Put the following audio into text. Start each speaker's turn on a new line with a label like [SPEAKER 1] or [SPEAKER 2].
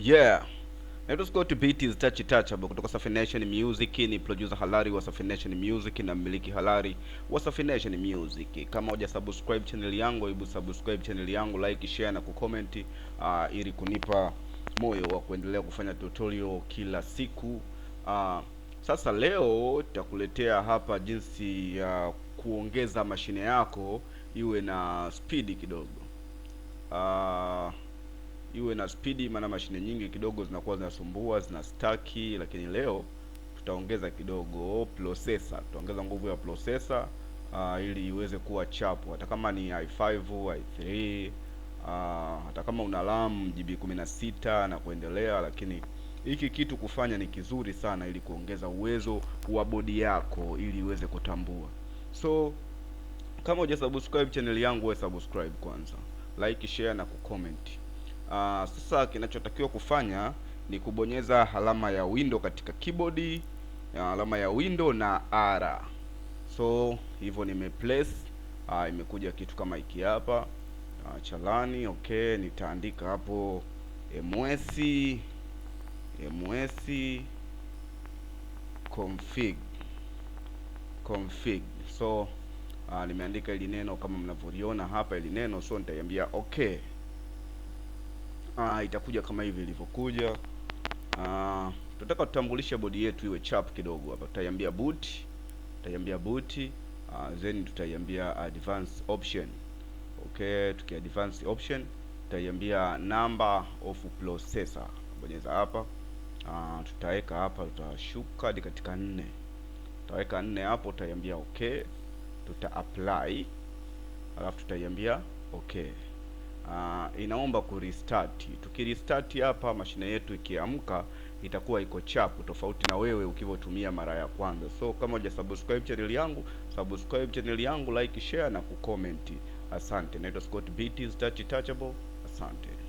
[SPEAKER 1] Yeah. Let us go to beat is Touchy Touchable kutoka Safi Nation Music. Ni producer halali wa Safi Nation Music na mmiliki halali wa Safi Nation Music. Kama huja subscribe channel yangu, hebu subscribe channel yangu, like, share na kucomment uh, ili kunipa moyo wa kuendelea kufanya tutorial kila siku. Uh, sasa leo takuletea hapa jinsi ya uh, kuongeza mashine yako iwe na spidi kidogo. Uh, iwe na spidi, maana mashine nyingi kidogo zinakuwa zinasumbua zina staki. lakini leo tutaongeza kidogo processor, tutaongeza nguvu ya processor uh, ili iweze kuwa chapu, hata kama ni i5 i3 uh, hata kama una RAM GB16 na kuendelea, lakini hiki kitu kufanya ni kizuri sana, ili kuongeza uwezo wa bodi yako ili iweze kutambua. So kama hujasubscribe channel yangu, wewe subscribe kwanza, like, share na kucomment. Aa, ah, sasa kinachotakiwa kufanya ni kubonyeza alama ya window katika keyboard ya alama ya window na R. So hivyo nime place uh, ah, imekuja kitu kama hiki hapa uh, chalani. Okay, nitaandika hapo ms ms config config. So uh, nimeandika ili neno kama mnavyoliona hapa ili neno, so nitaiambia okay. Ah, itakuja kama hivi ilivyokuja. Ah, tunataka tutambulishe bodi yetu iwe chap kidogo hapa. Tutaiambia boot, tutaiambia boot, ah, then tutaiambia advanced option. Okay, tuki advanced option tutaiambia number of processor. Bonyeza hapa. Ah, tutaweka hapa, tutashuka hadi katika nne, tutaweka nne hapo, tutaiambia okay, tuta apply, alafu tutaiambia okay uh, inaomba kurestart. Tukirestart hapa mashine yetu ikiamka itakuwa iko chapu tofauti na wewe ukivyotumia mara ya kwanza. So kama uja subscribe channel yangu, subscribe channel yangu, like, share na kucomment. Asante. Naitwa Scott BT Touch Touchable. Asante.